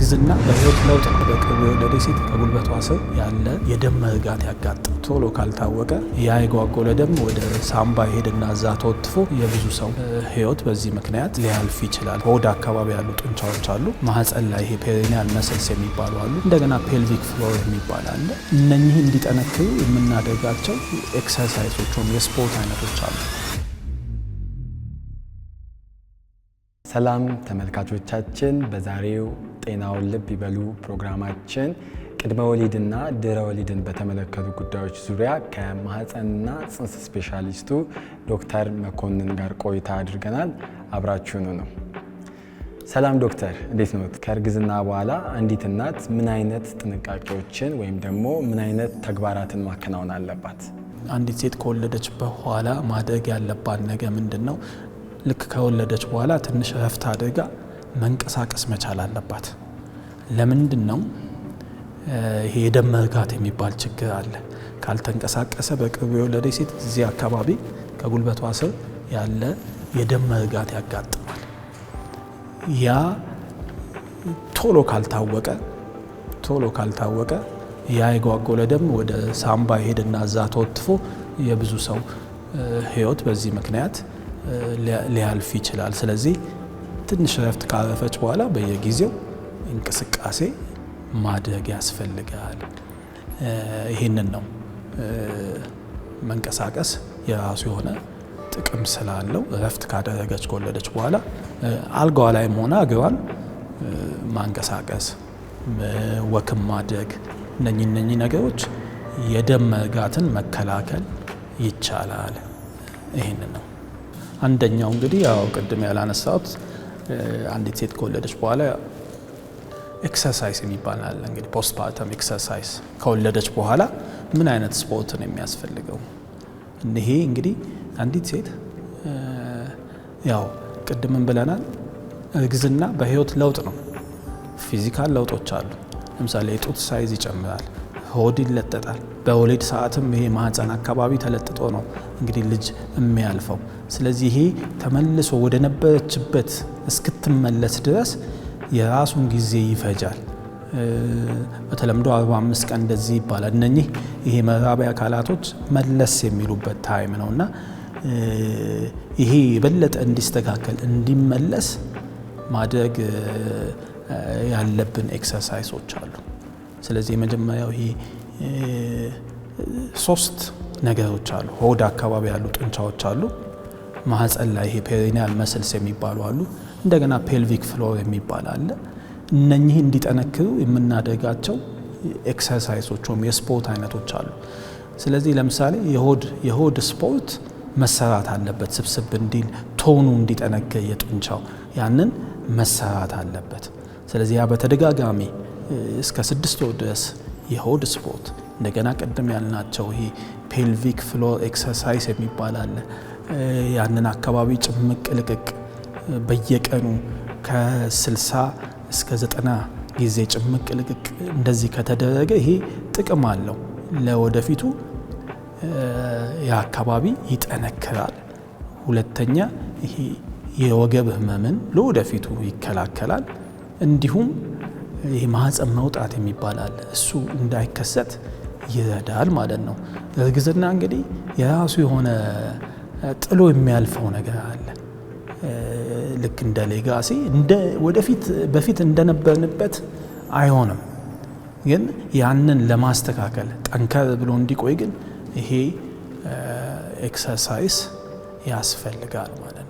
እርግዝና በህይወት ለውጥ ነው። ለደሴት ከጉልበቷ ስር ያለ የደም መርጋት ያጋጥም ቶሎ ካልታወቀ ያ የጓጎለ ደም ወደ ሳምባ ይሄድና እዛ ተወትፎ የብዙ ሰው ህይወት በዚህ ምክንያት ሊያልፍ ይችላል። ሆድ አካባቢ ያሉ ጡንቻዎች አሉ። ማህፀን ላይ ይሄ ፔሪኒያል መሰልስ የሚባሉ አሉ። እንደገና ፔልቪክ ፍሎር የሚባል አለ። እነኚህ እንዲጠነክሩ የምናደርጋቸው ኤክሰርሳይሶች ወይም የስፖርት አይነቶች አሉ። ሰላም ተመልካቾቻችን፣ በዛሬው ጤናውን ልብ ይበሉ ፕሮግራማችን ቅድመ ወሊድና ድረ ወሊድን በተመለከቱ ጉዳዮች ዙሪያ ከማህፀንና ጽንስ ስፔሻሊስቱ ዶክተር መኮንን ጋር ቆይታ አድርገናል። አብራችሁኑ ነው። ሰላም ዶክተር፣ እንዴት ነው? ከእርግዝና በኋላ አንዲት እናት ምን አይነት ጥንቃቄዎችን ወይም ደግሞ ምን አይነት ተግባራትን ማከናወን አለባት? አንዲት ሴት ከወለደች በኋላ ማድረግ ያለባት ነገር ምንድን ነው? ልክ ከወለደች በኋላ ትንሽ እረፍት አድርጋ መንቀሳቀስ መቻል አለባት። ለምንድን ነው ይሄ የደም መርጋት የሚባል ችግር አለ። ካልተንቀሳቀሰ በቅርቡ የወለደች ሴት እዚህ አካባቢ ከጉልበቷ ስር ያለ የደም መርጋት ያጋጥማል። ያ ቶሎ ካልታወቀ ቶሎ ካልታወቀ ያ የጓጎለ ደም ወደ ሳምባ ይሄድና እዛ ተወትፎ የብዙ ሰው ህይወት በዚህ ምክንያት ሊያልፍ ይችላል። ስለዚህ ትንሽ እረፍት ካረፈች በኋላ በየጊዜው እንቅስቃሴ ማድረግ ያስፈልጋል። ይህንን ነው መንቀሳቀስ የራሱ የሆነ ጥቅም ስላለው እረፍት ካደረገች ከወለደች በኋላ አልጋዋ ላይም ሆነ እግሯን ማንቀሳቀስ፣ ወክም ማድረግ እነኚህ እነኚህ ነገሮች የደም መርጋትን መከላከል ይቻላል። ይህንን ነው አንደኛው እንግዲህ ያው ቅድም ያላነሳሁት አንዲት ሴት ከወለደች በኋላ ኤክሰርሳይዝ የሚባል አለ። እንግዲህ ፖስትፓርተም ኤክሰርሳይዝ ከወለደች በኋላ ምን አይነት ስፖርት ነው የሚያስፈልገው? ይሄ እንግዲህ አንዲት ሴት ያው ቅድምን ብለናል፣ እርግዝና በህይወት ለውጥ ነው። ፊዚካል ለውጦች አሉ። ለምሳሌ የጡት ሳይዝ ይጨምራል፣ ሆድ ይለጠጣል። በወሊድ ሰዓትም ይሄ ማህፀን አካባቢ ተለጥጦ ነው እንግዲህ ልጅ የሚያልፈው። ስለዚህ ይሄ ተመልሶ ወደ ነበረችበት እስክትመለስ ድረስ የራሱን ጊዜ ይፈጃል። በተለምዶ 45 ቀን እንደዚህ ይባላል። እነኚህ ይሄ መራቢያ አካላቶች መለስ የሚሉበት ታይም ነው እና ይሄ የበለጠ እንዲስተካከል እንዲመለስ ማድረግ ያለብን ኤክሰርሳይሶች አሉ። ስለዚህ የመጀመሪያው ይሄ ሶስት ነገሮች አሉ። ሆድ አካባቢ ያሉ ጡንቻዎች አሉ። ማህፀን ላይ ይሄ ፔሪኒያል መስልስ የሚባሉ አሉ። እንደገና ፔልቪክ ፍሎር የሚባል አለ። እነኚህ እንዲጠነክሩ የምናደርጋቸው ኤክሰርሳይሶች ወይም የስፖርት አይነቶች አሉ። ስለዚህ ለምሳሌ የሆድ የሆድ ስፖርት መሰራት አለበት። ስብስብ እንዲል ቶኑ እንዲጠነክር የጡንቻው ያንን መሰራት አለበት። ስለዚህ ያ በተደጋጋሚ እስከ ስድስት ወር ድረስ የሆድ ስፖርት እንደገና ቅድም ያልናቸው ይሄ ፔልቪክ ፍሎር ኤክሰርሳይዝ የሚባል አለ። ያንን አካባቢ ጭምቅ ልቅቅ በየቀኑ ከ60 እስከ 90 ጊዜ ጭምቅ ልቅቅ እንደዚህ ከተደረገ ይሄ ጥቅም አለው። ለወደፊቱ የአካባቢ ይጠነክራል። ሁለተኛ ይሄ የወገብ ህመምን ለወደፊቱ ይከላከላል። እንዲሁም ይሄ መውጣት የሚባል አለ። እሱ እንዳይከሰት ይረዳል ማለት ነው። እርግዝና እንግዲህ የራሱ የሆነ ጥሎ የሚያልፈው ነገር አለ። ልክ እንደ ሌጋሲ ወደፊት በፊት እንደነበርንበት አይሆንም። ግን ያንን ለማስተካከል ጠንከር ብሎ እንዲቆይ ግን ይሄ ኤክሰርሳይስ ያስፈልጋል ማለት ነው።